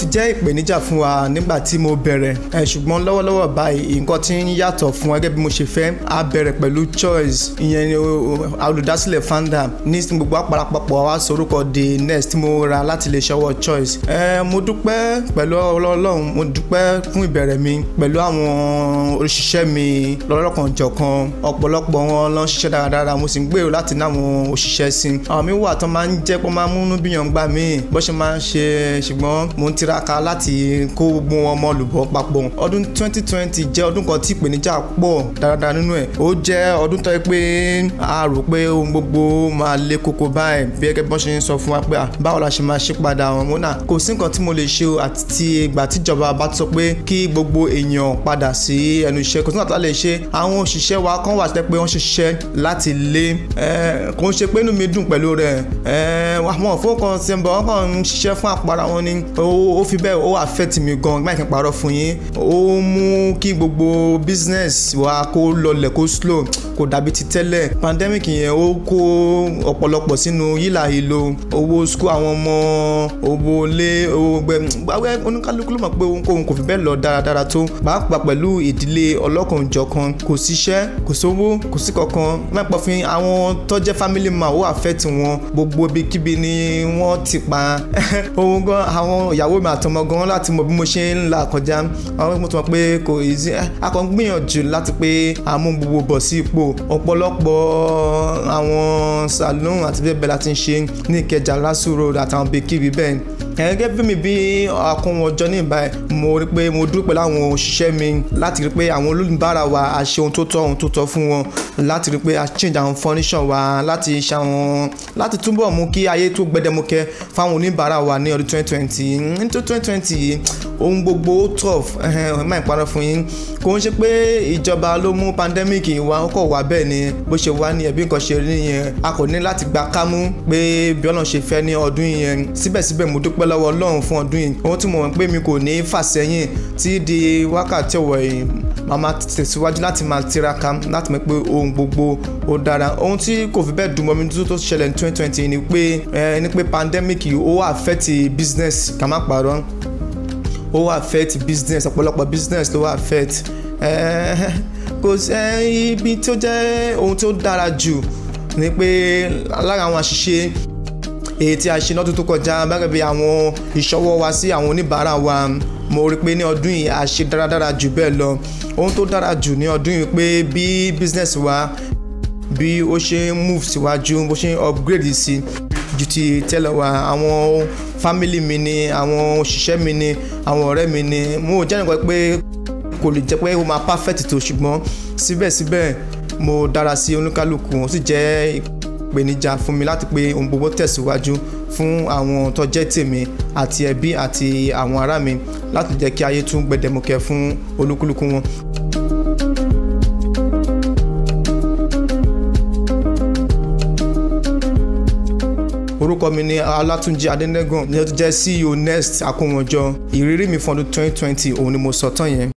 ti jẹ́ ìpèníjà fún wa nígbà tí mo bẹ̀rẹ̀ ẹ̀ ṣùgbọ́n lọ́wọ́lọ́wọ́ báyìí nǹkan ti ń yàtọ̀ fún gẹ́gẹ́ bí mo ṣe fẹ́ a bẹ̀rẹ̀ pẹ̀lú choice ìyẹn ni olùdásílẹ̀ fanda ní gbogbo àparapapọ̀ wa sorúkọ the next tí mo ra láti lè ṣọwọ́ choice ẹ mo dúpẹ́ pẹ̀lú ọlọ́run mo dúpẹ́ fún ìbẹ̀rẹ̀ mi pẹ̀lú àwọn òṣìṣẹ́ mi lọ́lọ́kanjọ̀kan ọ̀pọ̀lọpọ̀ wọn ló tiraka láti kó gbogbo wọn mọ́ lùbọ́ papọ̀ ọdún 2020 jẹ́ ọdún kan tí ìpèníjà pọ̀ dáradára nínú ẹ̀ ó jẹ́ ọdún tó yẹ pé a rò pé ohun gbogbo máa le koko báyìí bí ẹgẹ bọ́n ṣe ń sọ fún wa pé báwo la ṣe máa ṣe padà wọn mọ́ náà kò sí nǹkan tí mo lè ṣe o àti ti ìgbà tíjọba bá sọ pé kí gbogbo èèyàn padà sí ẹnu iṣẹ́ kò sí nǹkan tá lè ṣe àwọn òṣìṣẹ́ wa kan wà tẹ́ pé wọ́n ṣiṣẹ́ láti lé kò ń ṣe pé inú mi dùn pẹ̀lú rẹ̀ àwọn òfókànsìn bọ̀ wọ́n kàn ń ṣiṣẹ́ fún àpárá wọn ni ó fi bẹ́ẹ̀ ó affect mi gan máa kí n parọ́ fún yín ó mú kí gbogbo business wa kó lọlẹ̀ kó slow kò dàbí ti tẹ́lẹ̀ pandemic yẹn ó kó ọ̀pọ̀lọpọ̀ sínú yílà ìlò owó school àwọn ọmọ owó ilé owó gbẹ gbàgbẹ́ oníkálukú ló mọ̀ pé ohunkóhun kò fi bẹ́ẹ̀ lọ dáradára tó pàápàá pẹ̀lú ìdílé ọlọ́kan jọ̀kan kò síṣẹ́ kò sówó kò sí kankan lápapọ̀ àwọn tó family man ó affect wọn gbogbo ibikíbi ni wọ́n ti pa ohun gan àwọn ìyàwó mi àtọmọ gan láti mọ bí mo ṣe ń là kọjá àwọn ọmọ mọ̀ pé kò ì akọ̀ ń láti pé àmú gbogbo bọ̀ sí ipò ọ̀pọ̀lọpọ̀ àwọn salon àti bẹ́ẹ̀ bẹ́ẹ̀ la ti ń ṣe ní Ìkẹjà Lasu Road àtàwọn bèkìrì bẹ́ẹ̀ gẹ́gẹ́ bí mi bí akun ọjọ́ ní ìbáyé mo rí pé mo dúró pẹ̀lú àwọn òṣìṣẹ́ mi láti rí pé àwọn olùbárà wa a ṣe ohun tó tọ́ ohun tó tọ́ fún wọn láti rí pé a change àwọn furniture wa láti ṣe àwọn láti túbọ̀ mú kí ayé tó gbẹdẹmukẹ fáwọn oníbàárà wa ní ọdún twenty nítorí twenty ohun gbogbo tough má ìparọ́ fún yín kò ń ṣe pé ìjọba ló mú pandemic wa ó kọ̀ wá bẹ́ẹ̀ ni bó ṣe wá ní ẹ̀bí nǹkan ṣe rí yẹn a kò ní láti gba kámú pé bí Ọlọ́run ṣe fẹ́ ní ọdún yẹn síbẹ̀síbẹ̀ mo dúpẹ́ lọ́wọ́ ọlọ́run fún ọdún yìí ohun tí mo mọ̀ pé mi kò ní fà tí di wákàtí ọ̀wọ̀ yìí màá máa tẹ̀síwájú láti máa tiraka láti mọ̀ pé ohun gbogbo ó dára ohun tí kò fi bẹ́ẹ̀ dùn mọ́ mi tó ṣẹlẹ̀ ní twenty twenty ni pé ni pé pandemic ó wà affect business ká má parọ́ ó wà affect business ọ̀pọ̀lọpọ̀ business ló wà affect kò sẹ́ ibi tó jẹ́ ohun tó dára jù ni pé lára àwọn àṣìṣe èyí tí a ṣe lọ́dún tó kọjá gẹ́gẹ́ bí àwọn ìṣọwọ́ wa sí àwọn oníbàárà wa mo rí pé ní ọdún yìí a ṣe dáradára jù bẹ́ẹ̀ lọ ohun tó dára jù ní ọdún yìí pé bí business wa bí ó ṣe ń move síwájú bó ṣe ń upgrade sí ju ti tẹ́lẹ̀ wa àwọn family mi ni àwọn òṣìṣẹ́ mi ni àwọn ọ̀rẹ́ mi ni mo jẹ́ nìkan pé kò lè jẹ́ pé ó máa perfect tó ṣùgbọ́n síbẹ̀síbẹ̀ mo dára sí oníkálukú ó sì jẹ́ ìpèníjà fún mi láti pé ohun gbogbo tẹ̀síwájú fún àwọn tó tèmi àti ẹbí àti àwọn ará mi láti jẹ́ kí ayé tún gbẹdẹmukẹ fún olúkúlùkù wọn. orúkọ mi ni alátúnjí adẹnẹgàn ni ó jẹ́ CEO next akówọnjọ ìrírí mi fún ọdún 2020 òun ni mo sọ tán yẹn.